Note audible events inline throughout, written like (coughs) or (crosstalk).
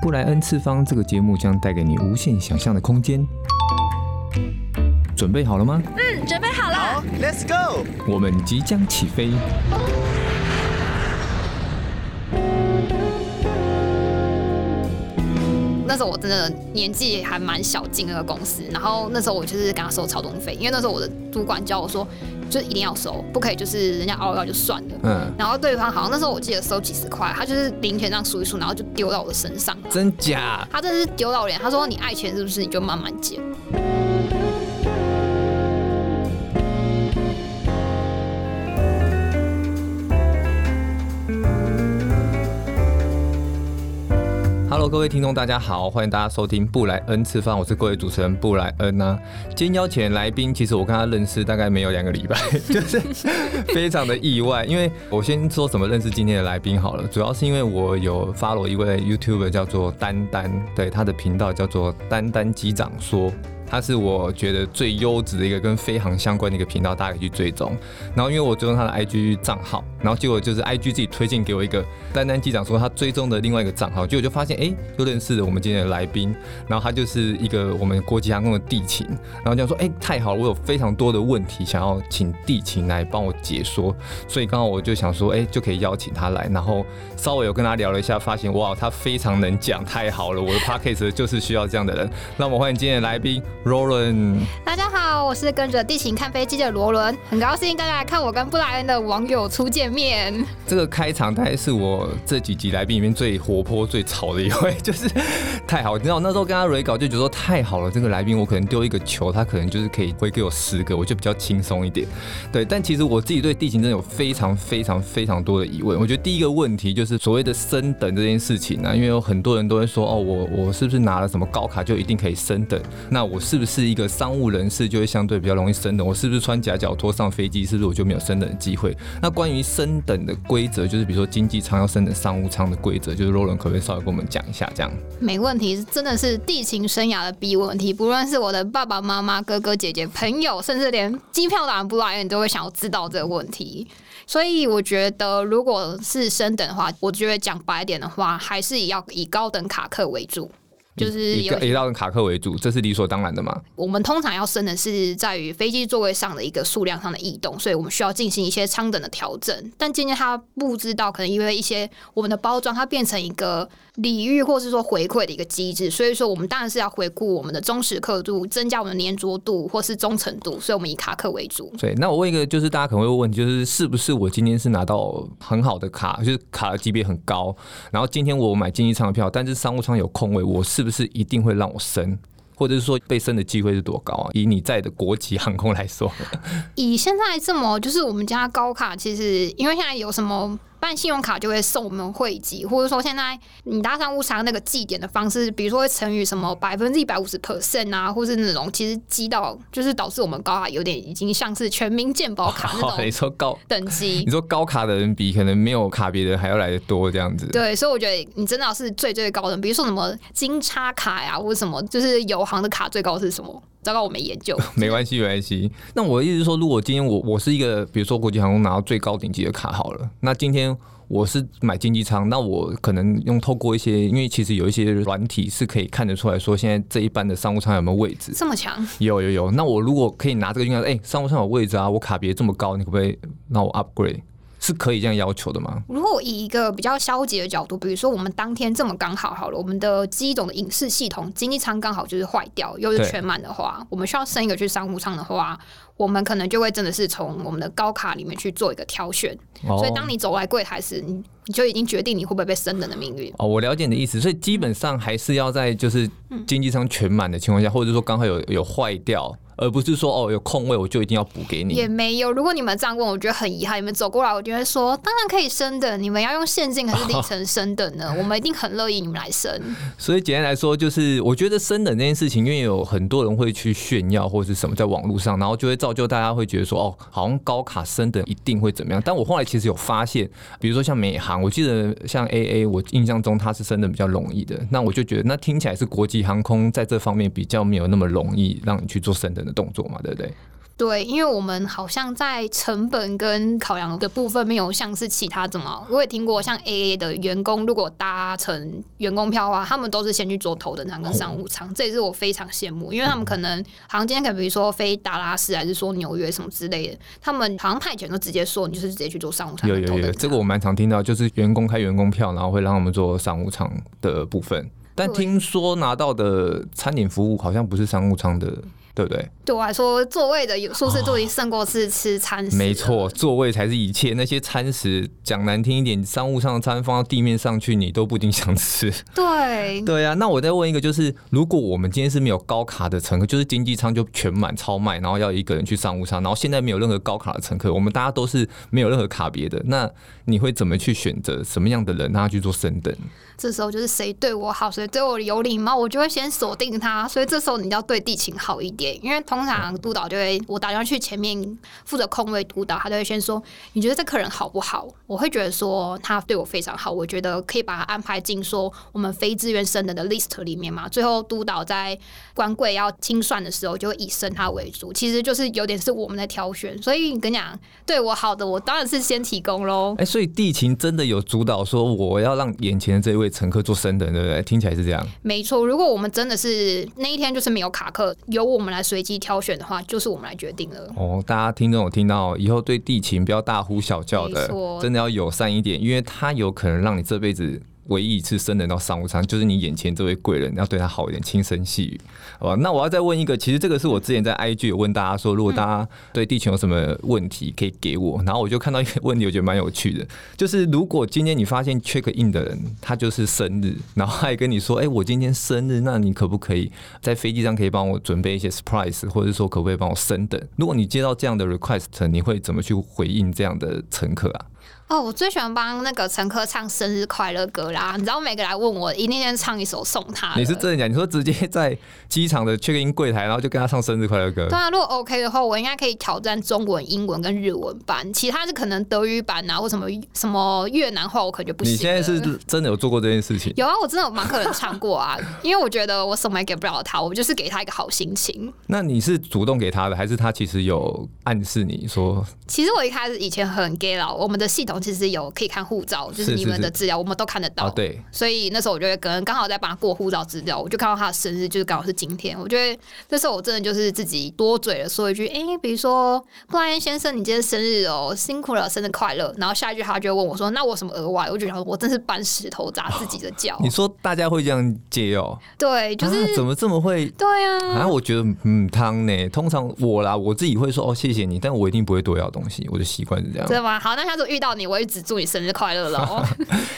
布萊恩次方這個節目將帶給你無限想象的空間，準備好了嗎？嗯，準備好了。好，let's go，我們即將起飛。那時候我真的年紀還蠻小進那個公司，然後那時候我就是跟他收超重費，因為那時候我的主管教我說，就是一定要收，不可以就是人家凹到就算了。嗯。然後對方好像那時候我記得收幾十塊，他就是零錢這樣數一數，然後就丟到我的身上。真假？他真的是丟到臉，他說你愛錢是不是？你就慢慢撿。Hello，各位聽眾，大家好，歡迎大家收聽布萊恩吃飯，我是各位主持人布萊恩啊。今天邀請來賓，其實我跟他認識大概沒有兩個禮拜， (laughs) 就是非常的意外。因為我先說怎麼認識今天的來賓好了，主要是因為我有 follow 一位 YouTuber 叫做丹丹，對他的頻道叫做丹丹機長說。他是我覺得最優質的一個跟飛航相關的一個頻道，大家可以去追蹤。然後因為我追蹤他的 IG 賬號，然後結果就是 IG 自己推薦給我一個丹丹機長，說他追蹤的另外一個賬號，結果就發現哎，又、欸，認識了我們今天的來賓。然後他就是一個我們國際航空的地勤，然後就說哎、欸，太好了，我有非常多的問題想要請地勤來幫我解說，所以剛好我就想說哎、欸，就可以邀請他來，然後稍微有跟他聊了一下，發現哇，他非常能講，太好了，我的 podcast 就是需要這樣的人。那我們歡迎今天的來賓。羅倫，大家好，我是跟着地勤看飛機的羅倫，很高興大家來看我跟布萊恩的網友初見面。這個開場大概是我這幾集來賓裡面最活潑、最吵的一位，就是太好。你知道我那時候跟他 re 稿就覺得說太好了，這個來賓我可能丟一個球，他可能就是可以回給我十個，我就比較輕鬆一點。對，但其實我自己對地勤真的有非常、非常、非常多的疑問。我覺得第一個問題就是所謂的升等這件事情啊，因為有很多人都會說哦，我我是不是拿了什麼高卡就一定可以升等？那我是。是不是一個商務人士就會相對比較容易升等？我是不是穿夾腳拖上飛機？是不是我就沒有升等的機會？那關於升等的規則，就是比如說經濟艙要升等商務艙的規則，就是蘿倫可不可以稍微跟我們講一下這樣。沒問題，真的是地勤生涯的必問題。不論是我的爸爸媽媽、哥哥姐姐、朋友，甚至連機票打人不來你人都會想要知道這個問題。所以我覺得，如果是升等的話，我覺得講白點的話，還是要以高等卡克為主。就是以以到卡客為主，這是理所當然的嘛。我們通常要升的是在於飛機座位上的一個數量上的異動，所以我們需要進行一些艙等的調整。但今天他不知道，可能因為一些我們的包裝，它變成一個禮遇或是說回饋的一個機制，所以說我們當然是要回顧我們的忠實客戶，增加我們的粘着度或是忠誠度，所以我們以卡客為主。對，那我問一個，就是大家可能會問，就是是不是我今天是拿到很好的卡，就是卡的級別很高，然後今天我買經濟艙的票，但是商務艙有空位，我是不是？就是一定會讓我升，或者是說被升的機會是多高啊？以你在的國籍航空來說，以現在這麼就是我們家高卡，其實因為現在有什麼？辦信用卡就會送我們會籍，或者說現在你搭上誤差那個積點的方式，比如說會乘以什麼百分之一百五十 percent 啊，或是那種，其實積到就是導致我們高卡有點已經像是全民健保卡那種好好。你說高等級，你說高卡的人比可能沒有卡別人還要來得多，這樣子。對，所以我覺得你真的是最最高的，比如說什麼金叉卡呀、啊，或者什麼，就是有行的卡最高是什麼？糟糕，我沒研究。沒關係，沒關係。那我的意思是說，如果今天我我是一個，比如說國際航空拿到最高頂級的卡好了，那今天我是買經濟艙，那我可能用透過一些，因為其實有一些軟體是可以看得出來說，現在這一班的商務艙有沒有位置？這麼強？有有有。那我如果可以拿這個用，哎、欸，商務艙有位置啊，我卡別這麼高，你可不可以讓我 upgrade？是可以這樣要求的嗎？如果以一個比較消極的角度，比如說我們當天這麼剛好好了，我們的機種的影視系統經濟艙剛好就是壞掉，又是全滿的話，我們需要升一個去商務艙的話，我們可能就會真的是從我們的高卡裡面去做一個挑選。哦、所以當你走來櫃檯時，你就已經決定你會不會被升等的命運。哦，我了解你的意思，所以基本上還是要在就是經濟艙全滿的情況下、嗯，或者說剛好有有壞掉。而不是說哦，有空位我就一定要補給你，也沒有。如果你們這樣問，我覺得很遺憾。你們走過來我就會說，我覺得說當然可以升等。你們要用現金還是里程升等呢？哦，我們一定很樂意你們來升。所以簡單來說，就是我覺得升等這件事情，因為有很多人會去炫耀，或者是什麼，在網絡上，然後就會造就大家會覺得說哦，好像高卡升等一定會怎麼樣。但我後來其實有發現，比如說像美航，我記得像 AA，我印象中它是升等比較容易的。那我就覺得那聽起來是國際航空在這方面比較沒有那麼容易讓你去做升等的。動作嘛，對不對？對，因為我們好像在成本跟考量的部分，沒有像是其他的嘛。我也聽過，像 AA 的員工如果搭乘員工票的話，他們都是先去做頭等艙跟商務艙，哦，這也是我非常羨慕，因為他們可能好像、嗯、今天可以比如說飛達拉斯還是說紐約什麼之類的，他們好像派遣都直接說，你就是直接去做商務艙。有，有有有，這個我蠻常聽到，就是員工開員工票，然後會讓他們做商務艙的部分。但聽說拿到的餐飲服務好像不是商務艙的。對不對？對我、啊、來說，座位的舒適度已經勝過是吃餐食。哦，沒錯，座位才是一切。那些餐食，講難聽一點，商務艙的餐放到地面上去，你都不一定想吃。對，對啊。那我再問一個，就是如果我們今天是沒有高卡的乘客，就是經濟艙就全滿超賣，然後要一個人去商務艙，然後現在沒有任何高卡的乘客，我們大家都是沒有任何卡別的，那你會怎麼去選擇什麼樣的人讓他去做升等？這時候就是誰對我好，誰對我有禮貌，我就會先鎖定他。所以這時候你要對地勤好一點，因為通常督導就會，我打算去前面負責空位督導，他就會先說，你覺得這客人好不好？我會覺得說他對我非常好，我覺得可以把他安排進說我們非自願升人的 list 裡面嘛。最後督導在關櫃要清算的時候，就會以升他為主。其實就是有點是我們在挑選，所以跟你跟講對我好的，我當然是先提供嘍。哎、欸，所以地勤真的有主導說我要讓眼前的這位。乘客做生的，對不對？聽起來是這樣，沒錯。如果我們真的是那一天就是沒有卡客，由我們來隨機挑選的話，就是我們來決定了。哦，大家聽眾有聽到，以後對地勤不要大呼小叫的，真的要友善一點，因為他有可能讓你這輩子。唯一一次升等到商務艙，就是你眼前這位貴人，要對他好一點，輕聲細語。好吧，那我要再問一個，其實這個是我之前在 IG 有問大家說，如果大家對地勤有什麼問題可以給我，然後我就看到一個問題，我覺得蠻有趣的，就是如果今天你發現 check in 的人他就是生日，然後他也跟你說，哎、欸，我今天生日，那你可不可以在飛機上可以幫我準備一些 surprise，或者說可不可以幫我升等？如果你接到這樣的 request，你會怎麼去回應這樣的乘客啊？哦，我最喜歡幫那個乘客唱生日快樂歌啦！你知道每個來問我，一定先唱一首送他。你是真的假的？你說直接在機場的 check-in 櫃檯，然後就跟他唱生日快樂歌？對啊，如果 OK 的話，我應該可以挑戰中文、英文跟日文版，其他是可能德語版啊，或什麼什麼越南話，我可就不行。你現在是真的有做過這件事情？有啊，我真的有蠻可能唱過啊， (laughs) 因為我覺得我什麼也給不了他，我就是給他一個好心情。那你是主動給他的，還是他其實有暗示你說？其實我一開始以前很 gay 了，我們的系統，其實有可以看護照，就是你們的資料，我們都看得到是是是、啊。對，所以那時候我覺得可能剛好在幫他過護照資料，我就看到他的生日，就是剛好是今天。我覺得那時候我真的就是自己多嘴了，說一句，哎、欸，比如說布萊先生，你今天生日哦，辛苦了，生日快樂。然後下一句他就會問我說，那我什麼額外？我就想說我真是搬石頭砸自己的腳、哦。你說大家會這樣借哦？對，就是、啊、怎麼這麼會？對啊，反、啊、正我覺得，嗯，母湯捏，通常我啦，我自己會說哦，謝謝你，但我一定不會多要東西，我的習慣是這樣，對嗎？好，那下次遇到你。我一直祝你生日快樂嘍！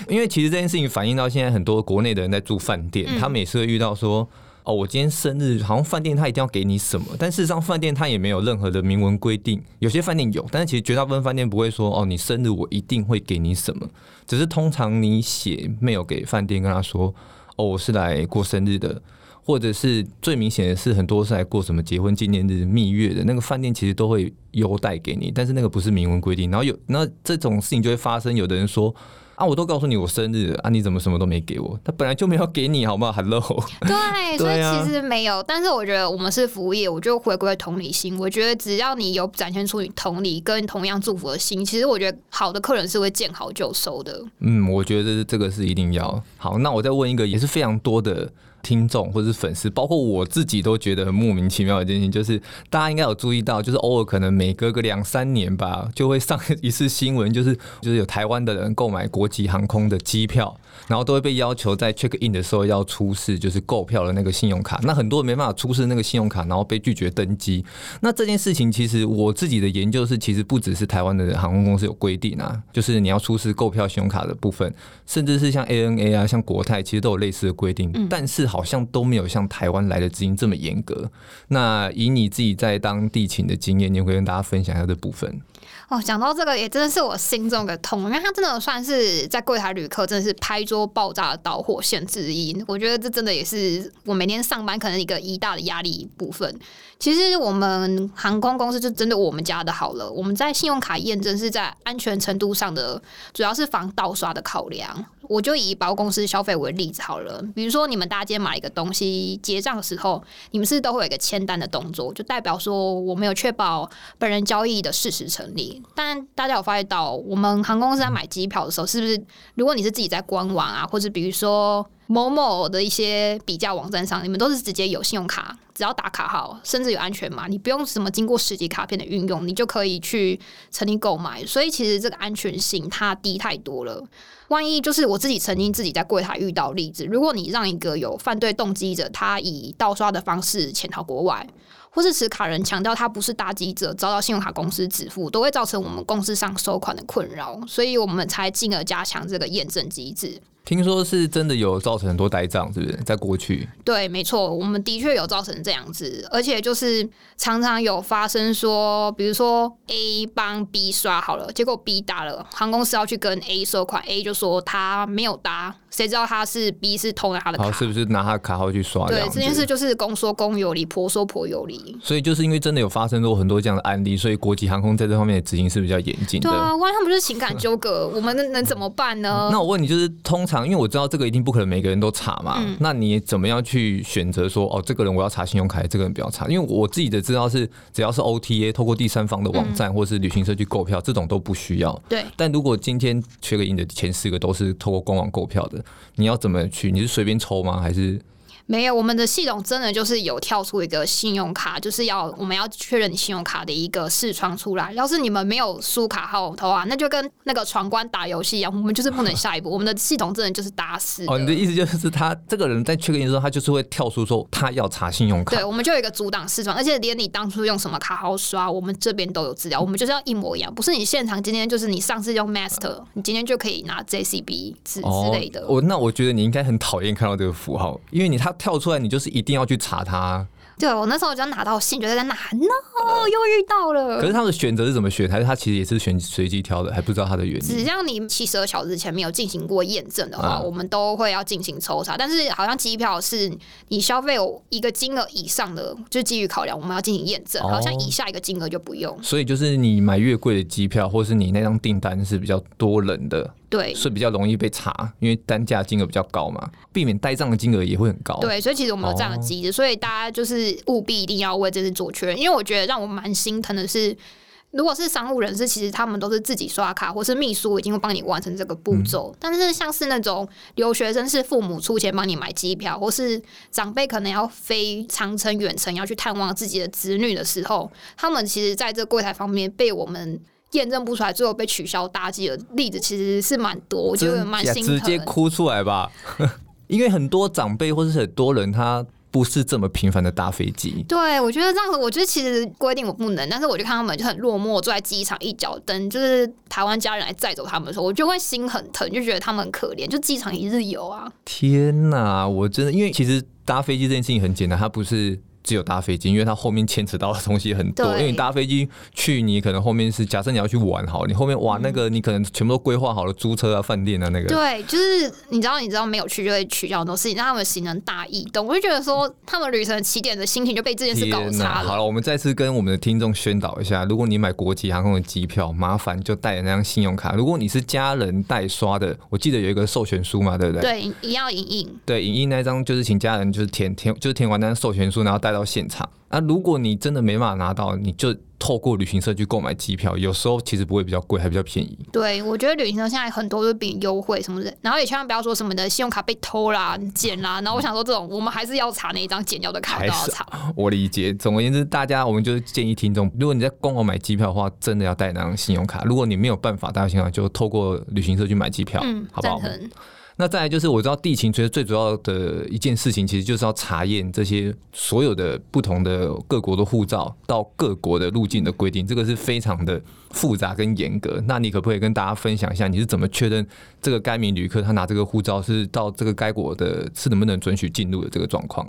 因為其實這件事情反映到現在很多國內的人在住飯店，嗯、他們也是會遇到說哦，我今天生日，好像飯店他一定要給你什麼。但事實上，飯店他也沒有任何的明文規定，有些飯店有，但是其實絕大部分飯店不會說哦，你生日我一定會給你什麼。只是通常你寫沒有給飯店，跟他說哦，我是來過生日的。或者是最明顯的是，很多是在過什麼結婚紀念日、蜜月的那個飯店，其實都會優待給你，但是那個不是明文規定。然後有那這種事情就會發生，有的人說啊，我都告訴你我生日了啊，你怎麼什麼都沒給我？他本來就沒有給你，好不好？Hello，對， (laughs) 對、啊，所以其實沒有。但是我覺得我們是服務業，我就回歸同理心。我覺得只要你有展現出你同理跟同樣祝福的心，其實我覺得好的客人是會見好就收的。嗯，我覺得這個是一定要好。那我再問一個，也是非常多的。聽眾或者是粉絲，包括我自己，都覺得很莫名其妙的一件事情，就是大家應該有注意到，就是偶爾可能每隔個兩三年吧，就會上一次新聞，就是就是有台灣的人購買國籍航空的機票。然後都會被要求在 check in 的時候要出示就是購票的那個信用卡，那很多人沒辦法出示那個信用卡，然後被拒絕登機。那這件事情其實我自己的研究是，其實不只是台灣的航空公司有規定啊，就是你要出示購票信用卡的部分，甚至是像 ANA 啊、像國泰，其實都有類似的規定，嗯、但是好像都沒有像台灣來的資金這麼嚴格。那以你自己在當地勤的經驗，你可以跟大家分享一下這部分？哦，講到這個也真的是我心中的痛，因為它真的算是在櫃檯旅客真的是拍桌爆炸的導火線之一。我覺得這真的也是我每天上班可能一個一大的壓力部分。其實我們航空公司就針對我們家的好了，我們在信用卡驗證是在安全程度上的，主要是防盜刷的考量。我就以包公司消費為例子好了，比如說你們大家今天買一個東西結賬的時候，你們是不是都會有一個簽單的動作，就代表說我沒有確保本人交易的事實成立？但大家有發現到，我們航空公司在買機票的時候，是不是如果你是自己在官網啊，或者比如說。某某的一些比價網站上，你們都是直接有信用卡，只要打卡號，甚至有安全碼，你不用什麼經過實體卡片的運用，你就可以去成立購買。所以其實這個安全性它低太多了。萬一就是我自己曾經自己在櫃檯遇到例子，如果你讓一個有犯罪動機者，他以盜刷的方式潛逃國外，或是持卡人強調他不是搭機者，遭到信用卡公司止付，都會造成我們公司上收款的困擾。所以我們才進而加強這個驗證機制。聽說是真的有造成很多呆賬，是不是？在過去，對，沒錯，我們的確有造成這樣子，而且就是常常有發生說，比如說 A 幫 B 刷好了，結果 B 搭了，航空公司要去跟 A 收款，A 就說他沒有搭。誰知道他是 B 是偷了他的卡，是不是拿他的卡號去刷？對，這件事就是公說公有理，婆說婆有理。所以就是因為真的有發生過很多這樣的案例，所以國籍航空在這方面的執行是比較嚴謹的。對啊，萬一他們不是情感糾葛， (laughs) 我們能能怎麼辦呢？嗯、那我問你，就是通常因為我知道這個一定不可能每個人都查嘛，嗯、那你怎麼樣去選擇說哦，這個人我要查信用卡，這個人不要查？因為我自己的知道是，只要是 OTA 透過第三方的網站、嗯、或是旅行社去購票，這種都不需要。對，但如果今天 check in 的前四個都是透過官網購票的。你要怎麼去？你是隨便抽嗎？還是？沒有，我們的系統真的就是有跳出一個信用卡，就是要我們要確認你信用卡的一個視窗出來。要是你們沒有輸卡號的話，那就跟那個闖關打遊戲一樣，我們就是不能下一步。我們的系統真的就是打死。哦、 (laughs) oh,，你的意思就是他這個人，在確認的時候，他就是會跳出說他要查信用卡。對，我們就有一個阻擋視窗，而且連你當初用什麼卡號刷，我們這邊都有資料，我們就是要一模一樣。不是你現場今天就是你上次用 Master，你今天就可以拿 JCB 之之類的。我、oh, 那我覺得你應該很討厭看到這個符號，因為你他。跳出來，你就是一定要去查他。對我那時候只要拿到信，覺得在哪呢？又遇到了。可是他的選擇是怎麼選？還是他其實也是選隨機挑的？還不知道他的原因。只要你七十二小時前沒有進行過驗證的話，啊、我們都會要進行抽查。但是好像機票是你消費有一個金額以上的，就是、基於考量我們要進行驗證。好像以下一個金額就不用、哦。所以就是你買越貴的機票，或是你那張訂單是比較多人的。對，是比較容易被查，因為單價金額比較高嘛，避免呆賬的金額也會很高。對，所以其實我們有這樣的機制、哦，所以大家就是務必一定要為這次做確認。因為我覺得讓我蠻心疼的是，如果是商務人士，其實他們都是自己刷卡，或是秘書已經會幫你完成這個步驟、嗯。但是像是那種留學生，是父母出錢幫你買機票，或是長輩可能要飛長程、遠程要去探望自己的子女的時候，他們其實在這櫃台方面被我們。驗證不出來，最後被取消搭機的例子其實是蠻多，我覺得蠻心疼的。直接哭出來吧， (laughs) 因為很多長輩或是很多人他不是這麼頻繁的搭飛機。對，我覺得這樣子，我覺得其實規定我不能，但是我就看他們就很落寞坐在機場一角等，就是台灣家人來載走他們的時候，我就會心很疼，就覺得他們很可憐。就機場一日遊啊！天哪、啊，我真的，因為其實搭飛機這件事情很簡單，它不是。只有搭飛機，因為它後面牽扯到的東西很多。因為你搭飛機去，你可能後面是假設你要去玩好，你後面玩那個你可能全部都規劃好了，嗯，租車啊、飯店啊，那個。對，就是你知道，你知道沒有去就會取消很多事情，讓他們行程大異動。我就覺得說他們旅程起點的心情就被這件事搞差了。好了，我們再次跟我們的聽眾宣導一下：如果你買國際航空的機票，麻煩就帶那張信用卡。如果你是家人代刷的，我記得有一個授權書嘛，對不對？對，你要影印。對，影印那張就是請家人就是填、就是、填就是填完那張授權書，然後帶。到現場那、啊、如果你真的沒辦法拿到,你就透過旅行社去購買機票。有時候其實不會比較貴，還比較便宜。對，我覺得旅行社現在很多都比優惠什麼的。然後也千萬不要說什麼的信用卡被偷啦、撿啦。然後我想說，這種、嗯、我們還是要查那一張剪掉的卡，還是、啊、我理解。總而言之，大家我們就是建議聽眾，如果你在官網買機票的話，真的要帶那張信用卡。如果你沒有辦法帶信用卡，就透過旅行社去買機票。嗯，好不好？那再來就是我知道地勤其實最主要的一件事情，其實就是要查驗這些所有的不同的各國的護照到各國的入境的規定，這個是非常的複雜跟嚴格。那你可不可以跟大家分享一下，你是怎麼確認這個該名旅客他拿這個護照是到這個該國的，是能不能准許進入的這個狀況？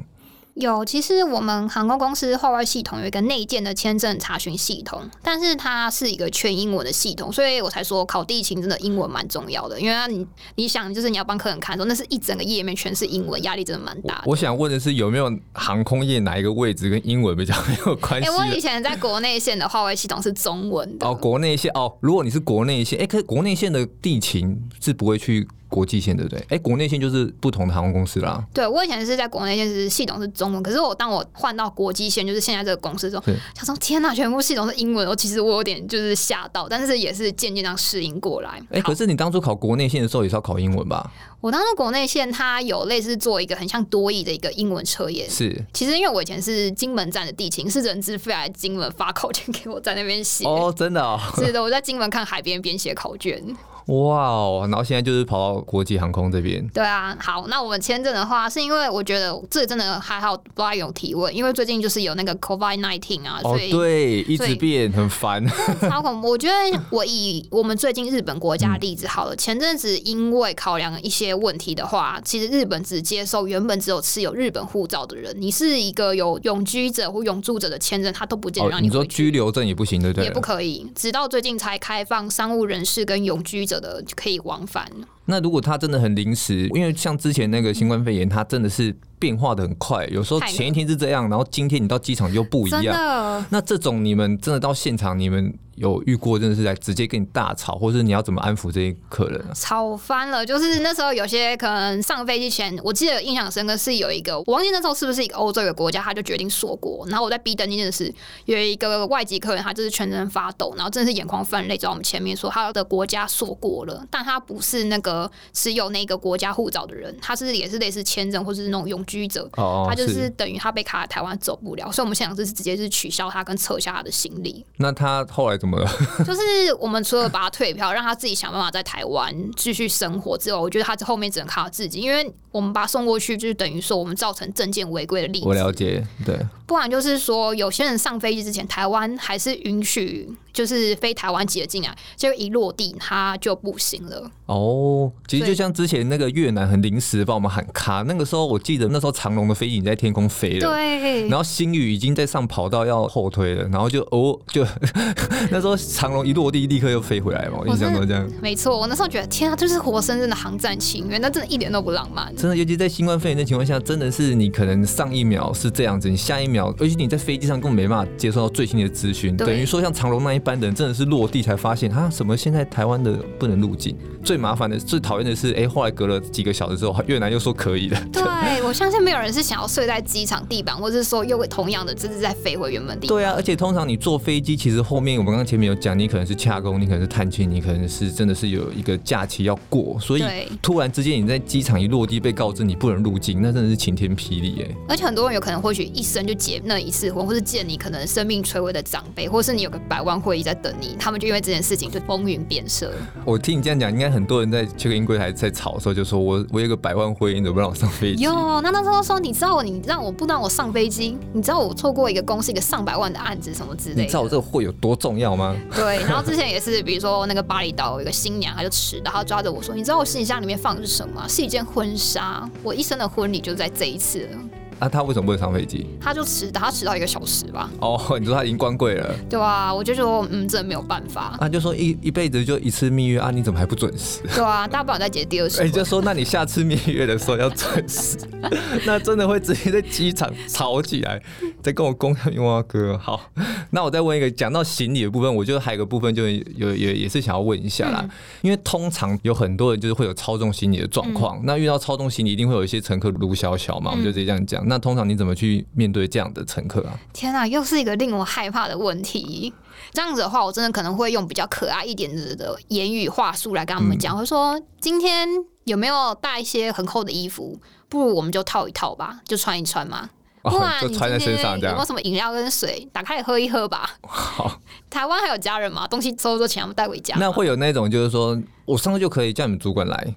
有，其實我們航空公司劃位系統有一個內建的簽證查詢系統，但是它是一個全英文的系統，所以我才說考地勤真的英文蠻重要的，因為你你想就是你要幫客人看的時候，那是一整個頁面全是英文，壓力真的蠻大的。我，我想問的是，有沒有航空業哪一個位置跟英文比較沒有關係？欸？我以前在國內線的劃位系統是中文的 (laughs) 哦，國內線哦，如果你是國內線，哎、欸，可是國內線的地勤是不會去，國際線對不對？哎、欸，國內線就是不同的航空公司啦。對，我以前是在國內線，是系統是中文。可是我當我換到國際線，就是現在這個公司的時候，想說：“天哪、啊，全部系統是英文。”我其實我有點就是嚇到，但是也是漸漸這樣適應過來。哎、欸，可是你當初考國內線的時候，也是要考英文吧？我當初國內線，它有類似做一個很像多益的一個英文測驗。是，其實因為我以前是金門站的地勤，是人資飛來金門發考卷給我，在那邊寫。哦，真的哦？是的，我在金門看海邊邊寫考卷。哇哦，然後現在就是跑到國際航空這邊。對啊，好，那我們簽證的話，是因為我覺得這真的還好不太有提問，因為最近就是有那個 COVID-19 啊，所以、哦、對，一直變、嗯、很煩，超恐怖。我覺得我以我們最近日本國家的例子好了，前陣子因為考量一些問題的話，其實日本只接受原本只有持有日本護照的人，你是一個有永居者或永住者的簽證，他都不見得讓你、哦。你說居留證也不行，對不對？也不可以，直到最近才開放商務人士跟永居。有的就可以往返。那如果他真的很臨時，因為像之前那個新冠肺炎，嗯、他真的是變化的很快。有時候前一天是這樣，然後今天你到機場就不一樣。真的，那這種你們真的到現場，你們有遇過真的是來直接跟你大吵，或是你要怎麼安撫這些客人、啊嗯？吵翻了，就是那時候有些可能上飛機前，我記得印象深刻是有一個，我忘記那時候是不是一個歐洲一個國家，他就決定鎖國。然後我在 B 登機室有一個外籍客人，他就是全身發抖，然後真的是眼眶泛淚，在我們前面說他的國家鎖國了，但他不是那個。呃，持有那個國家護照的人，他是也是類似簽證或者是那種永居者，哦哦，他就是等於他被卡在台灣走不了，所以我們現場就是直接是取消他跟撤下他的行李。那他後來怎麼了？就是我們除了把他退票， (laughs) 讓他自己想辦法在台灣繼續生活之外，我覺得他這後面只能靠他自己，因為我們把他送過去，就是等於說我們造成證件違規的例子。我了解，對。不然就是說，有些人上飛機之前，台灣還是允許。就是飛台灣擠了進來，結果一落地他就不行了。哦，其實就像之前那個越南很臨時幫我們喊卡，那個時候我記得那時候長龍的飛機已經在天空飛了，對，然後星宇已經在上跑道要後推了，然後就哦就 (laughs) 那時候長龍一落地立刻又飛回來了，我 (laughs) 印象中這樣。沒錯，我那時候覺得天啊，就是活生生的航站情緣，那真的一點都不浪漫。真的，尤其在新冠肺炎的情況下，真的是你可能上一秒是這樣子，你下一秒，而且你在飛機上根本沒辦法接收到最新的資訊，對，等於說像長龍那一。般人真的是落地才發現，他什麼現在台灣的不能入境，最麻煩的，最討厭的是，哎、欸，後來隔了幾個小時之後，越南又說可以了。對，我相信沒有人是想要睡在機場地板，或者是說又同樣的，這次再飛回原本地。對啊，而且通常你坐飛機，其實後面我們剛剛前面有講，你可能是洽公，你可能是探親，你可能是真的是有一個假期要過，所以突然之間你在機場一落地被告知你不能入境，那真的是晴天霹靂哎、欸！而且很多人有可能或許一生就結那一次婚，或是見你可能生命垂危的長輩，或是你有個百萬婚。也在等你，他們就因為這件事情就風雲變色。我聽你這樣講，應該很多人在去個音櫃檯在吵的時候，就說我我有個百萬婚姻，都不讓我上飛機。喲，那那時候說，你知道我，你讓我不讓我上飛機，你知道我錯過一個公司一個上百萬的案子什麼之類的。你知道我這個婚有多重要嗎？對，然後之前也是，比如說那個巴厘島有一個新娘，她就遲到，然後抓着我說，你知道我行李箱裡面放的是什麼？是一件婚紗，我一生的婚禮就在這一次了。那、啊、他為什麼不能上飛機？他就遲，他遲到一個小時吧。哦、oh,，你說他已經關櫃了？對啊，我就說，嗯，真的沒有辦法。啊，就說一一輩子就一次蜜月啊，你怎麼還不準時？對啊，大不了再結第二次。哎、欸，就說那你下次蜜月的時候要準時， (laughs) (laughs) 那真的會直接在機場吵起來，在 (laughs) 跟我公開冤枉哥。好，那我再問一個，講到行李的部分，我覺得還有一個部分就，就是有也也是想要問一下啦、嗯，因為通常有很多人就是會有超重行李的狀況、嗯，那遇到超重行李一定會有一些乘客盧小小嘛，嗯、我們就直接這樣講。那那通常你怎麼去面對這樣的乘客啊？天啊，又是一個令我害怕的問題。這樣子的話，我真的可能會用比較可愛一點子的言語話術來跟他們講，會、嗯、說今天有沒有帶一些很厚的衣服？不如我們就套一套吧，就穿一穿嘛。或、哦、者、啊、你今天有沒有什麼飲料跟水？打開來喝一喝吧。好。台灣還有家人嗎？東西收收我們帶回家。那會有那種就是說，我上次就可以叫你們主管來。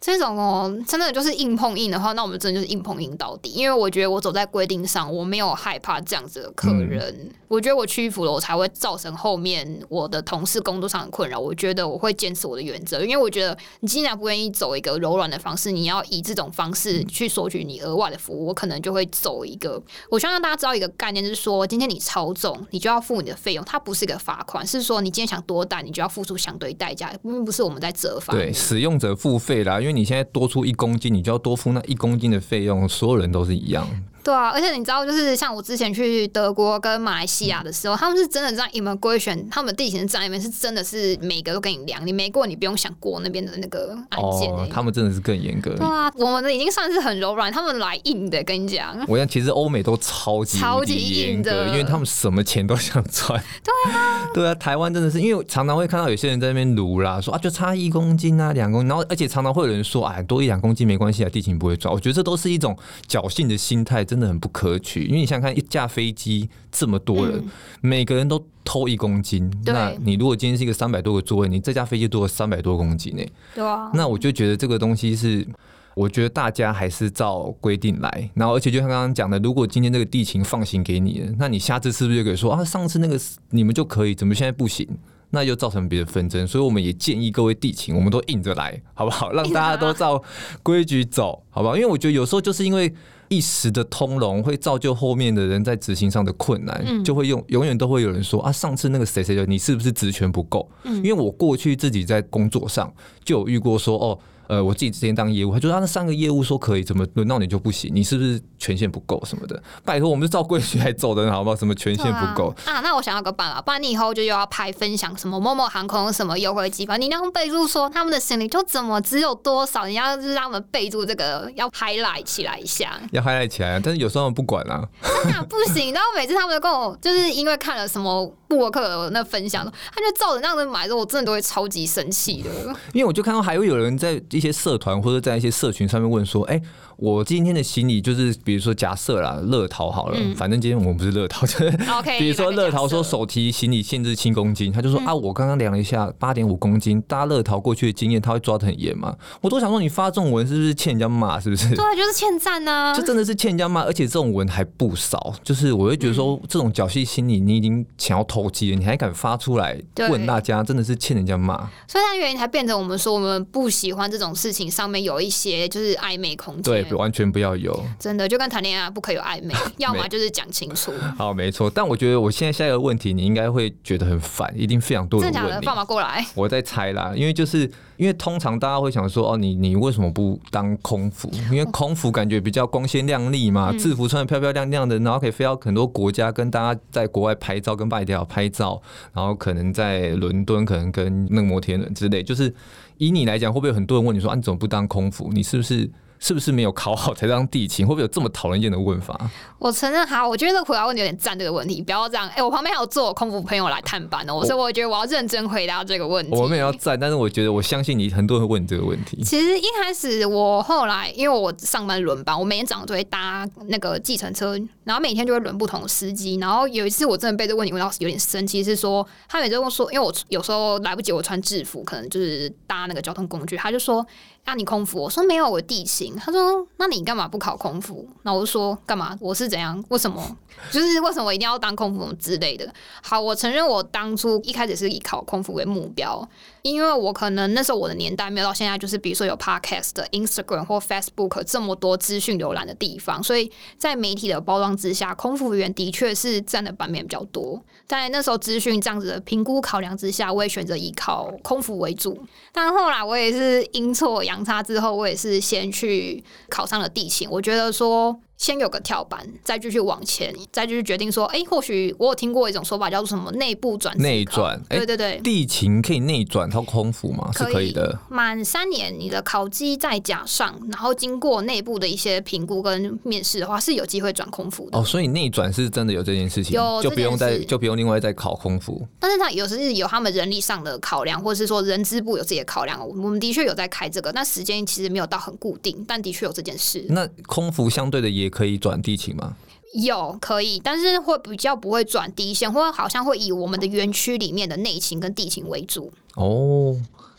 這種哦、喔，真的就是硬碰硬的話，那我們真的就是硬碰硬到底。因為我覺得我走在規定上，我沒有害怕這樣子的客人、嗯。我覺得我屈服了，我才會造成後面我的同事工作上的困擾。我覺得我會堅持我的原則，因為我覺得你既然不願意走一個柔軟的方式，你要以這種方式去索取你額外的服務、嗯，我可能就會走一個。我希望讓大家知道一個概念，就是說今天你超重，你就要付你的費用。它不是一個罰款，是說你今天想多帶，你就要付出相對代價，並不，不是我們在責罰。對，使用者付費啦。因為你現在多出一公斤，你就要多付那一公斤的費用，所有人都是一樣。對啊，而且你知道，就是像我之前去德國跟馬來西亞的時候，嗯、他們是真的在你們歸選，他們的地勤站裡面是真的是每個都給你量，你沒過你不用想過那邊的那個安檢哦。他們真的是更嚴格。對啊，我們的已經算是很柔軟，他們來硬的，跟你講。我想其實歐美都超級超級硬的，因為他們什麼錢都想賺。對啊， (laughs) 對啊，台灣真的是因為我常常會看到有些人在那邊盧啦，說啊就差一公斤啊兩公斤，然後而且常常會有人說啊、哎、多一兩公斤沒關係啊，地勤不會抓，我覺得這都是一種僥幸的心態。真的很不可取，因為你想看一架飛機這麼多人，嗯，每個人都偷一公斤，那你如果今天是一個三百多個座位，你這架飛機多了三百多公斤呢，欸。對啊。那我就覺得這個東西是，我覺得大家還是照規定來。然後，而且就像剛剛講的，如果今天這個地勤放行給你了，那你下次是不是就可以說啊？上次那個你們就可以，怎麼現在不行？那就造成別的紛爭。所以，我們也建議各位地勤，我們都硬着來，好不好？讓大家都照規矩走，好不好？因為我覺得有時候就是因為。一時的通融會造就後面的人在執行上的困難，嗯、就會用永遠都會有人說啊，上次那個誰誰的，你是不是職權不夠、嗯？因為我過去自己在工作上就有遇過說哦。呃，我自己之前當業務，他就他那三個業務說可以，怎麼輪到你就不行？你是不是權限不夠什麼的？拜託，我們是照規矩來走的，好不好？什麼權限不夠啊，啊？那我想要個辦法，不然你以後就又要拍分享什麼某某航空什麼優惠機票，你要讓他們備注說他們的行李就怎麼只有多少，你要是是讓他們備注這個要 highlight 起來一下，要 highlight 起來。但是有時候他們不管啦、啊，真 (laughs) 的、啊、不行。然後每次他們都跟我就是因為看了什麼。.博客那分享他就照着那樣的買的，我真的都會超級生氣的。因為我就看到還會有，有人在一些社團或者在一些社群上面問說：“哎、欸。”我今天的行李就是，比如說假設啦，樂桃好了、嗯，反正今天我們不是樂桃，就是，比如說樂桃說手提行李限制七公斤，他就說、嗯、啊，我剛剛量了一下八點五公斤。大家樂桃過去的經驗，他會抓得很嚴嘛。我都想說，你發這種文是不是欠人家罵？是不是？對、啊，就是欠讚吶、啊。就真的是欠人家罵，而且這種文還不少。就是我會覺得說，這種僥幸心理，你已經想要投機了、嗯，你還敢發出來問大家，真的是欠人家罵。所以那原因才變成我們說，我們不喜歡這種事情上面有一些就是曖昧空間。對。完全不要有，真的就跟談戀愛不可有曖昧， (laughs) 要麼就是講清楚。 (laughs) 好，沒錯。但我覺得我現在下一個問題，你應該會覺得很煩，一定非常多人問你真假的問題。放馬過來？我在猜啦，因為就是因為通常大家會想說，哦，你你為什麼不當空服？因為空服感覺比較光鮮亮麗嘛、哦，制服穿得漂漂亮亮的、嗯，然後可以飛到很多國家，跟大家在國外拍照，跟外地拍照，然後可能在倫敦，可能跟那個摩天輪之類。就是以你來講，會不會有很多人問你說，啊，你怎麼不當空服？你是不是？是不是沒有考好才當地勤？會不會有這麼討人厭的問法？我承認，哈，我覺得這個回答問題有點贊這個問題。不要這樣，哎、欸，我旁邊還有坐有空服朋友來探班哦、喔，所以我覺得我要認真回答這個問題。我沒有要贊，但是我覺得我相信你，很多人會問這個問題。其實一開始我後來，因為我上班輪班，我每天早上都會搭那個計程車，然後每天就會輪不同的司機。然後有一次我真的被這個問題問到有點生氣，是說他每次問說，因為我有時候來不及，我穿制服可能就是搭那個交通工具，他就說。那、啊、你空服？我說沒有，我地勤。他說：“那你幹嘛不考空服？那我就說：“幹嘛？我是怎樣？為什麼？就是為什麼我一定要當空服？之類的？”好，我承認我當初一開始是以考空服為目標。因為我可能那時候我的年代沒有到現在，就是比如說有 podcast 的 Instagram 或 Facebook 這麼多資訊瀏覽的地方，所以在媒體的包裝之下，空服員的確是占的版面比較多。在那時候資訊這樣子的評估考量之下，我也選擇以考空服為主。但後來我也是陰錯陽差之後，我也是先去考上了地勤。我覺得說。先有個跳板，再繼續往前，再繼續決定說，哎，欸，或許我有聽過一種說法，叫做什麼內部轉內轉，哎，對對對，欸，地勤可以內轉到空服嗎？是可以的。滿三年，你的考績在甲上，然後經過內部的一些評估跟面試的話，是有機會轉空服的。哦，所以內轉是真的有這件事情，有，就不用再就不用另外再考空服。但是它有時是有他們人力上的考量，或者是說人資部有自己的考量。我們的確有在開這個，但時間其實沒有到很固定，但的確有這件事。那空服相對的也。也可以轉地勤嗎？有，可以，但是會比較不會轉第一線，或者好像會以我們的園區裡面的內勤跟地勤為主。哦，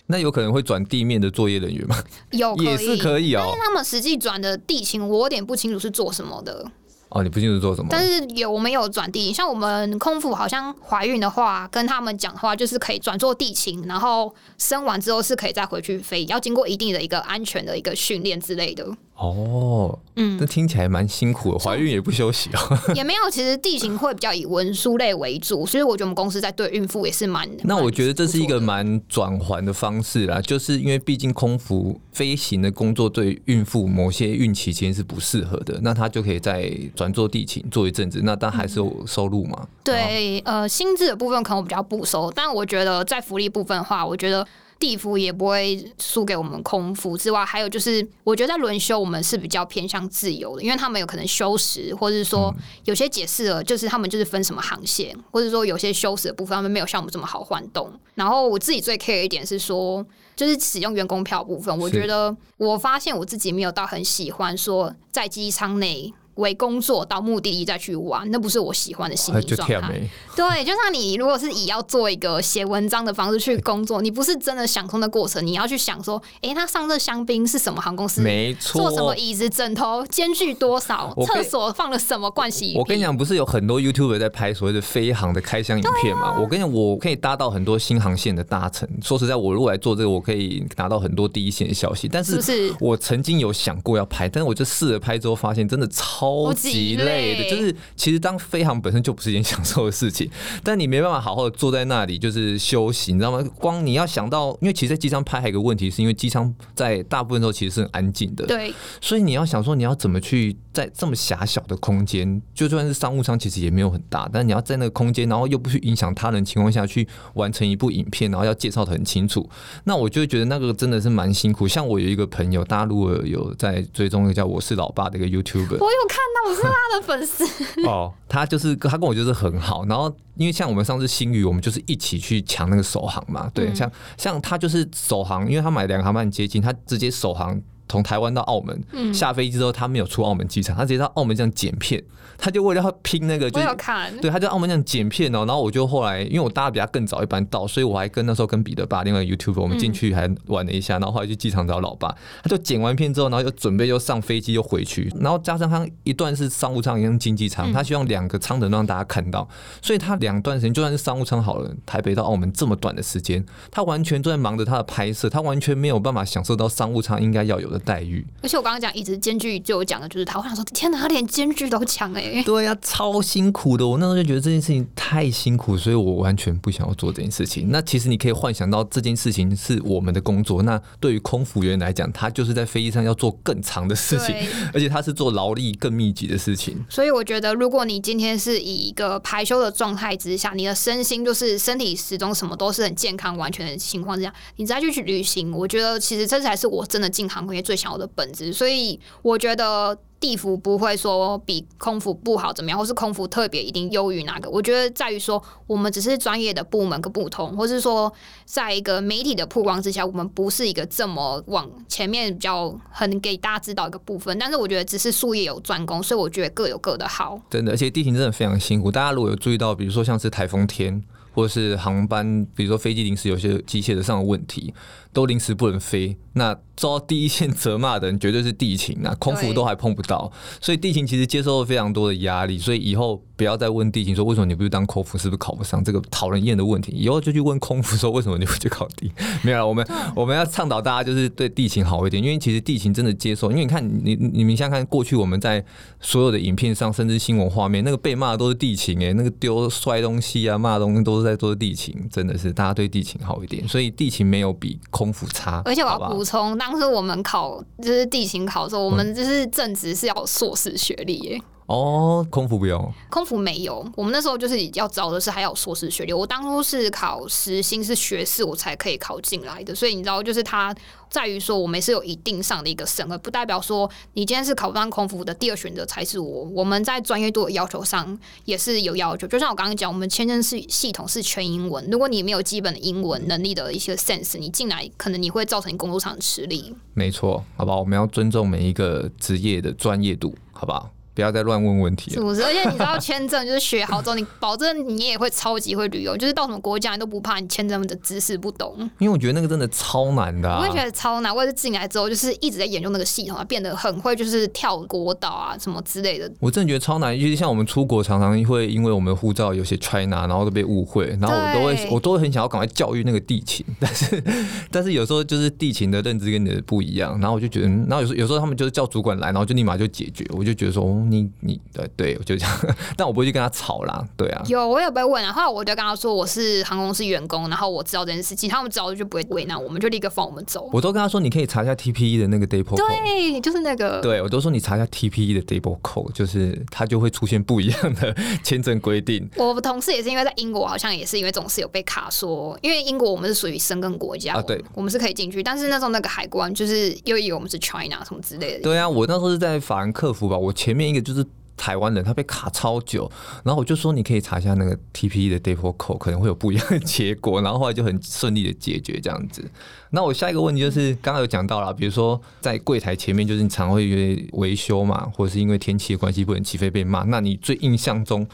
那有可能會轉地面的作業人員嗎？有，也是可以哦。但是他們實際轉的地勤，我有點不清楚是做什麼的。哦，你不清楚做什麼？但是有，我們有轉地勤，像我們空服好像懷孕的話，跟他們講的話就是可以轉做地勤，然後生完之後是可以再回去飛，要經過一定的一個安全的一個訓練之類的。哦，嗯，那聽起來蠻辛苦的，懷孕也不休息啊、哦。也沒有，其實地勤會比較以文書類為主，所以我覺得我們公司在對孕婦也是蠻……那我覺得這是一個蠻轉圜的方式啦，就是因為畢竟空服飛行的工作對孕婦某些孕期其實是不適合的，那他就可以在轉做地勤做一陣子，那但還是有收入嘛。嗯、嗎對，呃，薪資的部分可能我比較不熟，但我覺得在福利部分的話，我覺得。地服也不會輸給我們空服之外，還有就是，我覺得在輪休我們是比較偏向自由的，因為他們有可能休時，或者是說有些解釋了，就是他們就是分什麼航線，嗯、或者說有些休時的部分他們沒有像我們這麼好換動。然後我自己最 care 一點是說，就是使用員工票部分，我覺得我發現我自己沒有到很喜歡說在機艙內。為工作到目的地再去玩，那不是我喜歡的心理狀態。對，就像你如果是以要做一個寫文章的方式去工作， (laughs) 你不是真的想通的過程。你要去想說，哎、欸，他上這香檳是什麼航空公司？沒錯。坐什麼椅子、枕頭間距多少？廁所放了什麼盥洗我我？我跟你講，不是有很多 YouTuber 在拍所謂的飛航的開箱影片嘛、啊？我跟你，講，我可以搭到很多新航線的大城。說實在，我如果來做這個，我可以拿到很多第一線的消息。但是我曾經有想過要拍，但是我就試了拍之後，發現真的超。超級累的，就是其實當飛行本身就不是一件享受的事情，但你沒辦法好好的坐在那裡就是休息，你知道嗎？光你要想到，因為其實在機艙拍還有一個問題，是因為機艙在大部分時候其實是很安靜的，對，所以你要想說你要怎麼去在這麼狹小的空間，就算是商務艙其實也沒有很大，但你要在那個空間，然後又不去影響他人情況下去完成一部影片，然後要介紹得很清楚，那我就覺得那個真的是蠻辛苦。像我有一個朋友，大家如果有在追蹤一個叫我是老爸的一個 YouTuber，我有。.看到，我是他的粉絲。 (laughs) 哦，他就是他跟我就是很好，然後因為像我們上次星宇，我們就是一起去搶那個首航嘛，對，嗯、像像他就是首航，因為他買兩個航班很接近，他直接首航。從台灣到澳門，下飛機之後他沒有出澳門機場，嗯、他直接到澳門這樣剪片，他就為了要拼那個、就是，我要看，對，他在澳門這樣剪片哦、喔，然後我就後來因為我搭的比他更早一班到，所以我還跟那時候跟彼得爸，另外 YouTuber 我們進去還玩了一下，然後後來去機場找老爸，嗯、他就剪完片之後，然後又準備又上飛機又回去，然後加上他一段是商務艙一段經濟艙，他希望兩個艙能讓大家看到，嗯、所以他兩段時間就算是商務艙好了，台北到澳門這麼短的時間，他完全都在忙着他的拍攝，他完全沒有辦法享受到商務艙應該要有的。待遇，而且我剛剛講一直艱巨就有講的就是他，我想說天哪，他連艱巨都搶哎、欸！對呀、啊，超辛苦的。我那時候就覺得這件事情太辛苦，所以我完全不想要做這件事情。那其實你可以幻想到這件事情是我們的工作，那對於空服員來講，他就是在飛機上要做更長的事情，而且他是做勞力更密集的事情。所以我覺得，如果你今天是以一個排休的狀態之下，你的身心就是身體始終什麼都是很健康、完全的情況之下，你再去去旅行，我覺得其實這才是我真的進航空業最小的本質，所以我覺得地服不會說比空服不好怎麼樣，或是空服特別一定優於哪個。我覺得在於說，我們只是專業的部門跟不同，或是說，在一個媒體的曝光之下，我們不是一個這麼往前面比較很給大家知道一個部分。但是我覺得只是術業有專攻，所以我覺得各有各的好。真的，而且地勤真的非常辛苦。大家如果有注意到，比如說像是台風天，或是航班，比如說飛機臨時有些機械的上的問題，都臨時不能飛。那遭第一線責罵的人絕對是地勤啊，空服都還碰不到，所以地勤其實接受了非常多的壓力，所以以後不要再問地勤說為什麼你不去當空服，是不是考不上？這個討人厭的問題，以後就去問空服說為什麼你不去考地。沒有了，我們我們要倡導大家就是對地勤好一點，因為其實地勤真的接受，因為你看你你們想想看過去，我們在所有的影片上，甚至新聞畫面，那個被罵的都是地勤哎、欸，那個丟摔東西啊罵東西都是在做地勤，真的是大家對地勤好一點，所以地勤沒有比空服差。而且我要補充當時我們考就是地勤考的時候，嗯，我們就是正職是要碩士學歷耶。哦，空服不用。空服沒有，我們那時候就是要找的是還要碩士學歷。我當初是考時薪是學士，我才可以考進來的。所以你知道，就是它在於說，我們是有一定上的一個審核，不代表說你今天是考不上空服的。第二選擇才是我。我們在專業度的要求上也是有要求。就像我剛剛講，我們簽證是系統是全英文，如果你沒有基本的英文能力的一些 sense，你進來可能你會造成工作上的吃力。沒錯，好吧，我們要尊重每一個職業的專業度，好不好？不要再亂問問題啊。是不是？而且你知道簽證就是學好之後，你保證你也會超級會旅遊， (laughs) 就是到什麼國家你都不怕，你簽證你的知識不懂。因為我覺得那個真的超難的啊。我也覺得超難，我也是進來之後就是一直在研究那個系統，啊，變得很會就是跳國島啊什麼之類的。我真的覺得超難，尤其像我們出國常常會因為我們護照有些 China 然後都被誤會，然後我都會我都會很想要趕快教育那個地勤，但是但是有時候就是地勤的認知跟你的不一樣，然後我就覺得，然後有時候有時候他們就是叫主管來，然後就立馬就解決，我就覺得說。你你對對，我就這樣，但我不會去跟他吵啦。對啊，有我也不會問，然後我就跟他說我是航空公司員工，然後我知道這件事情，他們知道就不會為難我們，就立刻放我們走。我都跟他說，你可以查一下 TPE 的那個 depot code，對，就是那個。對我都說你查一下 TPE 的 depot code，就是他就會出現不一樣的簽證規定。我同事也是因為在英國，好像也是因為總是有被卡，說因為英國我們是屬於申根國家啊，對，我們是可以進去，但是那時候那個海關就是又以為我們是 China 什麼之類的。對啊，我那時候是在法蘭克福吧，我前面應該。就是台灣人，他被卡超久，然後我就說，你可以查一下那個 TPE 的 departure code，可能會有不一樣的結果。然後後來就很順利的解決這樣子。那我下一個問題就是剛剛有講到了，比如說在櫃台前面，就是你常會因為維修嘛，或者是因為天氣的關係不能起飛被罵。那你最印象中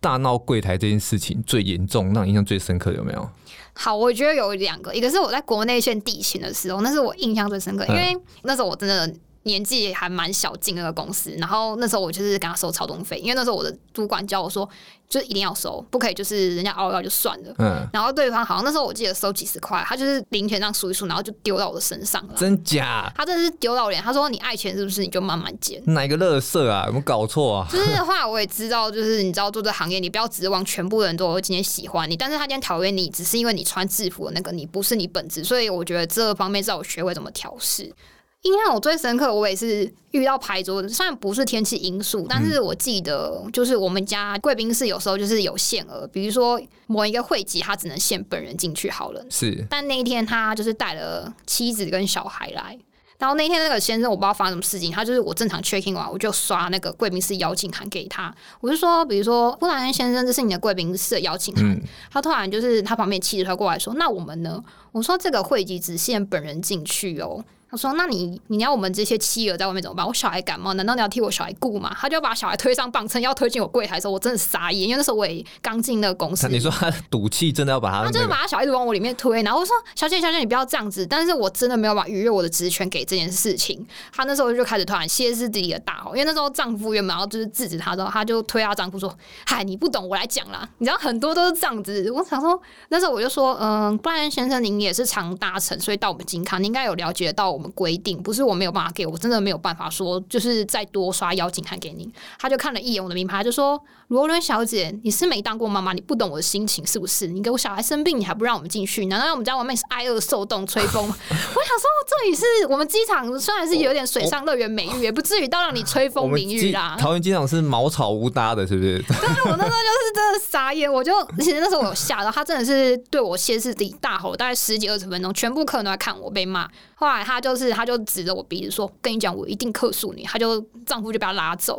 大鬧櫃台這件事情最嚴重，讓你印象最深刻的有沒有？好，我覺得有兩個，一個是我在國內線地勤的時候，那是我印象最深刻，嗯、因為那時候我真的年紀還蠻小進那個公司，然後那時候我就是跟他收超重費，因為那時候我的主管教我說，就是一定要收，不可以就是人家凹到就算了。嗯，然後對方好像那時候我記得收幾十塊，他就是零錢上數一數，然後就丟到我的身上了。真假？他真的是丟到臉。他說你愛錢是不是？你就慢慢撿。哪個樂色啊？有沒有搞錯啊？就是的話我也知道，就是你知道做這行業，你不要指望全部的人都會今天喜歡你，但是他今天討厭你，只是因為你穿制服的那個你，不是你本質，所以我覺得這方面在我學會怎麼調試。印象我最深刻，我也是遇到牌桌，雖然不是天氣因素，但是我記得就是我們家貴賓室有時候就是有限額，比如說某一個會籍，他只能限本人進去好了。是，但那一天他就是帶了妻子跟小孩來，然後那天那個先生我不知道發生什麼事情，他就是我正常 check in 完，我就刷那個貴賓室邀請函給他，我就說，比如說布萊恩先生，這是你的貴賓室的邀請函，嗯。他突然就是他旁邊妻子他過來說，那我們呢？我說這個會籍只限本人進去哦。我說：“那你你要我們這些妻兒在外面怎麼辦？我小孩感冒，難道你要替我小孩顧嗎？”他就把小孩推上磅秤，要推進我櫃檯的時候，我真的傻眼，因為那時候我也剛進那個公司。你說他賭氣，真的要把他、那個，他就是把他小孩子往我裡面推，然後我說：“小姐，小姐，你不要這樣子。”但是我真的沒有把逾越我的職權給這件事情。他那時候就開始突然歇斯底里的大吼，因為那時候丈夫原本要就是制止他的，之後他就推他丈夫說：“嗨，你不懂，我來講啦。”你知道很多都是這樣子。我想說那時候我就說：“嗯，不然先生，您也是常搭乘，所以到我們金卡，你應該有了解到。”規定，不是我沒有辦法給，我真的沒有辦法說就是再多刷邀請函給你，他就看了一眼我的名牌，就說：“羅倫小姐，你是沒當過媽媽，你不懂我的心情是不是？你給我小孩生病，你還不讓我們進去？難道讓我們家我妹挨餓受凍吹風？” (laughs) 我想說，這裡是我們機場，雖然是有點水上樂園美譽，哦哦，也不至於到讓你吹風淋雨啦。桃園機場是茅草屋搭的，是不是？對 (laughs) 我那時候就是真的傻眼，我就其實那時候我有嚇到他。真的是對我歇斯底里大吼，大概十幾二十分鐘，全部客人都在看我被罵。後來她就是，她就指着我鼻子說：“跟你講，我一定客訴你。”她就丈夫就把她拉走。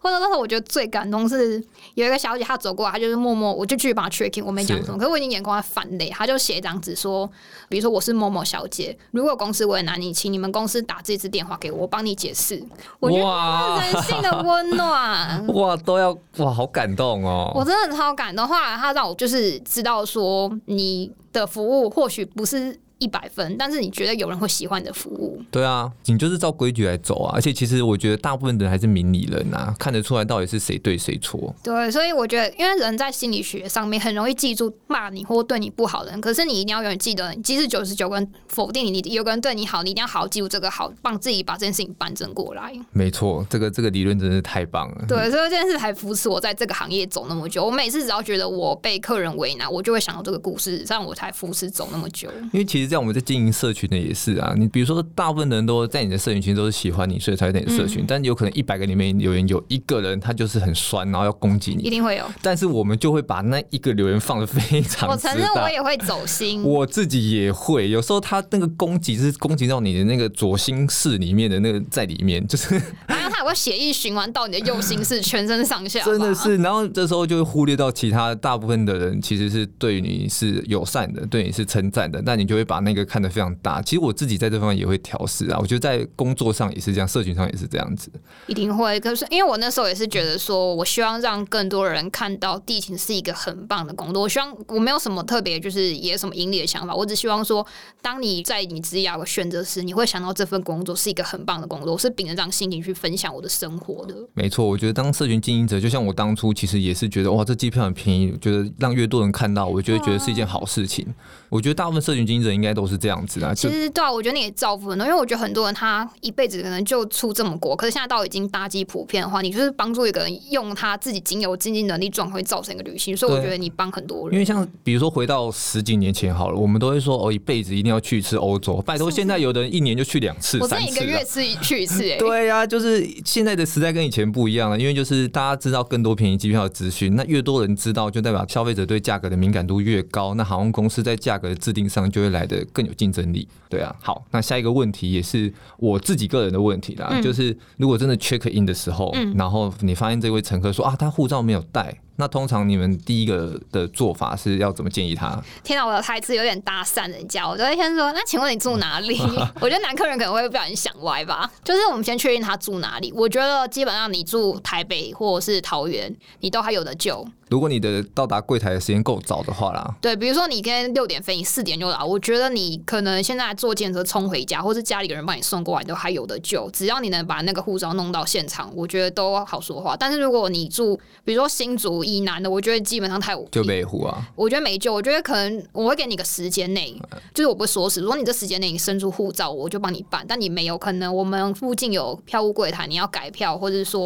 後來那時候我覺得最感動是有一個小姐，她走過來，她就是默默，我就去把她 check in 我沒講什麼。可是我已經眼眶泛淚，她就寫一張紙說：“比如說我是某某小姐，如果公司為難你，請你們公司打這支電話給我，幫你解釋。”我覺得人性的溫暖，哇，都要哇，好感動哦！我真的超感動，後來她讓我就是知道說你的服務或許不是一百分，但是你覺得有人會喜歡你的服務？對啊，你就是照規矩來走啊。而且其實我覺得大部分的人還是明理人啊，看得出來到底是誰對誰錯。對，所以我覺得，因為人在心理學上面很容易記住罵你或對你不好的人，可是你一定要永遠記得，即使九十九個人否定你，你有個人對你好，你一定要好好記住這個好，幫自己把這件事情辦正過來。沒錯，這個這個理論真的是太棒了。對，所以這件事才扶持我在這個行業走那麼久。嗯。我每次只要覺得我被客人為難，我就會想到這個故事，這樣我才扶持走那麼久。因為其實。這樣我們在經營社群的也是啊，你比如說大部分人都在你的社群群，都是喜歡你，所以才有點社群、嗯。但有可能一百個裡面留言有一個人，他就是很酸，然後要攻擊你，一定會有。但是我們就會把那一個留言放的非常。我承認我也會走心，我自己也會。有時候他那個攻擊是攻擊到你的那個左心室裡面的那個在裡面，就是然後、啊、他有個血液循環到你的右心室，全身上下真的是。然後這時候就會忽略到其他大部分的人其實是對你是友善的，對你是稱讚的，那你就會把。把那個看得非常大。其實我自己在這方面也會調適啊。我覺得在工作上也是這樣，社群上也是這樣子。一定會，可是因為我那時候也是覺得說，我希望讓更多人看到地勤是一個很棒的工作。我希望我沒有什麼特別，就是也有什麼盈利的想法。我只希望說，當你在你職涯的選擇時，你會想到這份工作是一個很棒的工作。我是秉着這樣心情去分享我的生活的。沒錯，我覺得當社群經營者，就像我當初其實也是覺得哇，這機票很便宜，覺得讓越多人看到，我覺得覺得是一件好事情、啊。我覺得大部分社群經營者應該。都是這樣子啊，其實對啊，我覺得你也造福很多，因為我覺得很多人他一輩子可能就出這麼國，可是現在倒已經搭機普遍的話，你就是幫助一個人用他自己僅有經濟能力狀況，會造成一個旅行，所以我覺得你幫很多人，啊。因為像比如說回到十幾年前好了，我們都會說哦，一輩子一定要去一次歐洲。拜托，現在有的人一年就去兩次，次我至一個月次去一次，欸。 (laughs) 對呀、啊，就是現在的時代跟以前不一樣了，因為就是大家知道更多便宜機票的資訊，那越多人知道，就代表消費者對價格的敏感度越高，那航空公司在價格的制定上就會來的。更有競爭力，對啊。好，那下一個問題也是我自己個人的問題啦，嗯、就是如果真的 check in 的時候，嗯、然後你發現這位乘客說啊，他護照沒有帶。那通常你們第一個的做法是要怎麼建議他、啊？天啊，我的台詞有點搭訕人家，我昨天先說，那請問你住哪裡？ (laughs) 我覺得男客人可能會不小心想歪吧。就是我們先確定他住哪裡。我覺得基本上你住台北或是桃園，你都還有得救。如果你的到達櫃台的時間夠早的話啦，對，比如說你今天六點飛，你四點就來，我覺得你可能現在坐計程車衝回家，或是家裡人幫你送過來，你都還有得救。只要你能把那個護照弄到現場，我覺得都好說話。但是如果你住，比如說新竹，以南的，我覺得基本上太就北湖啊。我覺得沒救，我覺得可能我會給你個時間內，就是我不說死。如果你這時間內你伸出護照，我就幫你辦。但你沒有，可能我們附近有票務櫃台，你要改票，或者說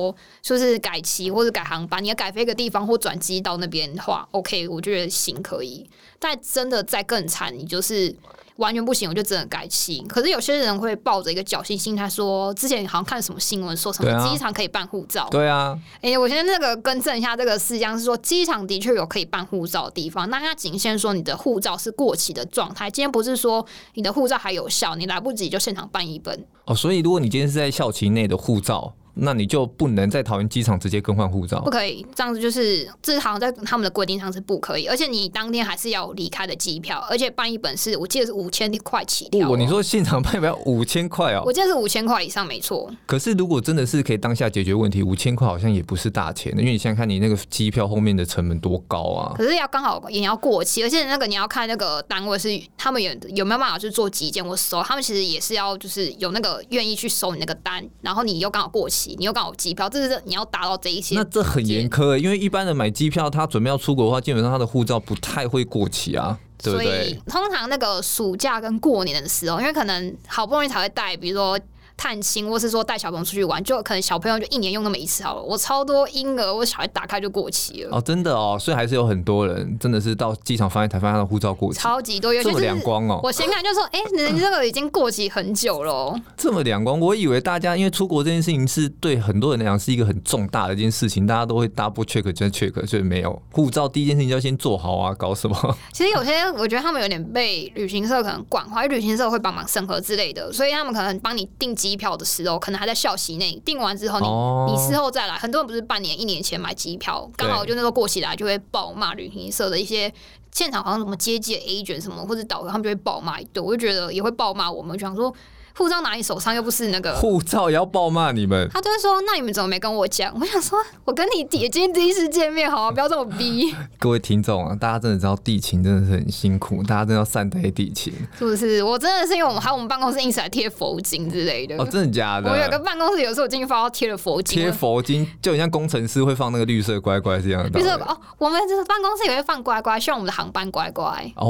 說、就是改期或者改航班，你要改飛一個地方或轉機到那邊的話，OK，我覺得行，可以。再真的再更慘，你就是完全不行，我就只能改期。可是有些人會抱着一個僥倖心態，他說，之前你好像看什麼新聞，說什麼機場可以辦護照。對啊，哎、啊欸，我覺得那個更正一下，這個事項是說機場的確有可以辦護照的地方，那它僅限說你的護照是過期的狀態。今天不是說你的護照還有效，你來不及就現場辦一本哦。所以如果你今天是在效期內的護照。那你就不能在桃園機場直接更換護照啊？不可以，這樣子就是這是好像在他們的規定上是不可以，而且你當天還是要離開的機票，而且辦一本是，我記得是五千塊起跳啊。不、哦，你說現場辦一本要五千塊哦？我記得是五千塊以上，沒錯。可是如果真的是可以當下解決問題，五千塊好像也不是大錢，因為你想想看你那個機票後面的成本多高啊。可是要剛好也要過期，而且那個你要看那個單位是他們有有沒有辦法去做急件，我收他們其實也是要就是有那個願意去收你那個單，然後你又剛好過期。你又搞機票，這是你要達到這一些。那這很嚴苛。欸，因為一般人買機票，他準備要出國的話，基本上他的護照不太會過期啊，所以，對不對？通常那個暑假跟過年的時候，因為可能好不容易才會帶，比如說。探親，或是說帶小朋友出去玩，就可能小朋友就一年用那麼一次好了。我超多嬰兒，我小孩打開就過期了。哦，真的哦？所以還是有很多人真的是到機場發現臺，發現他的護照過期，超級多，有這麼兩光哦。我先看就說，哎、 (coughs) 欸，你這個已經過期很久了，這麼兩光，我以為大家因為出國這件事情是對很多人來講是一個很重大的一件事情，大家都會 double check，再 check，所以沒有護照，第一件事情就要先做好啊，搞什麼？其實有些我覺得他們有點被旅行社可能管，因為旅行社會幫忙審核之類的，所以他們可能幫你訂機。機票的時候，可能還在校期內訂完之後你，Oh. 你你事後再來，很多人不是半年、一年前買機票，剛好就那個過期來，就會暴罵旅行社的一些現場好像什麼接機 agent 什麼或者導遊，他們就會暴罵一頓，我就覺得也會暴罵我們，就想說。護照拿你手上又不是那個護照也要爆罵你們？他就會說：“那你們怎麼沒跟我講？”我想說：“我跟你也今天第一次見面，好啊，不要這麼逼。”各位聽眾啊，大家真的知道地勤真的是很辛苦，大家真的要善待地勤。是不是？我真的是因為我們還有我們辦公室硬是來貼佛經之類的。哦，真的假的？我有個辦公室，有時候我進去發現貼了佛經。貼佛經，就很像工程師會放那個綠色乖乖這樣。綠色哦，我們就是辦公室也會放乖乖，希望我們的航班乖乖哦，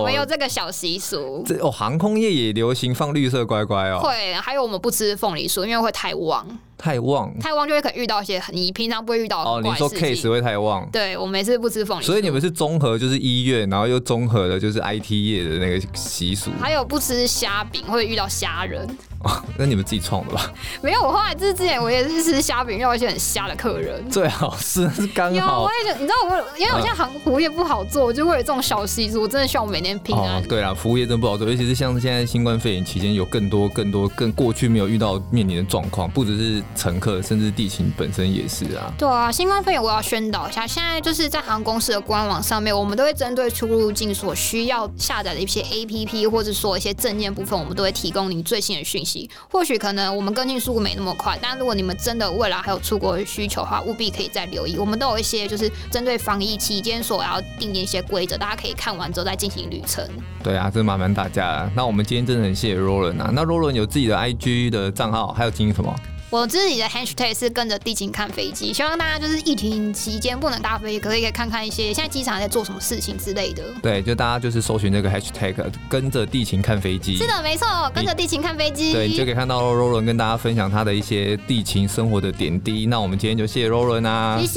我們有這個小習俗。這哦，航空業也流行放綠色。乖乖哦會，會還有我們不吃鳳梨酥，因為會太旺。太旺，太旺就會可能遇到一些你平常不會遇到的哦。你說 case 會太旺，對，我每次不吃鳳梨。所以你們是綜合，就是醫院，然後又綜合的，就是 IT 業的那個習俗。還有不吃蝦餅會遇到蝦人、哦、那你們自己創的吧？沒有，我後來就是之前我也是吃蝦餅，遇到一些很蝦的客人，最 (laughs) 好是剛好有。我也覺得你知道我，因為我現在服務業不好做，嗯、就為了這種小習俗。我真的希望我每天平安。哦、對啊，服務業真不好做，尤其是像現在新冠肺炎期間，有更多、更多、更過去沒有遇到面臨的狀況，不只是。乘客甚至地勤本身也是啊。對啊，新冠肺炎我要宣導一下，現在就是在航空公司的官網上面，我們都會針對出入境所需要下載的一些 APP 或者說一些證件部分，我們都會提供您最新的訊息。或許可能我們跟進速度沒那麼快，但如果你們真的未來還有出國需求的話，務必可以再留意。我們都有一些就是針對防疫期間所要定的一些規則，大家可以看完之後再進行旅程。對啊，這麻煩大家。那我們今天真的很謝謝羅倫啊。那羅倫有自己的 IG 的賬號，還有經營什麼？我自己的 hashtag 是跟着地勤看飛機，希望大家就是疫情期間不能搭飛機，可以可以看看一些現在機場在做什麼事情之類的。對，就大家就是搜尋這個 hashtag，跟着地勤看飛機。是的，沒錯，跟着地勤看飛機。對，對你就可以看到 r o 羅倫跟大家分享他的一些地勤生活的點滴。那我們今天就謝謝蘿倫啦，謝謝，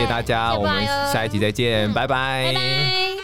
謝謝大家，謝謝我們下一集再見，嗯，拜拜，拜拜。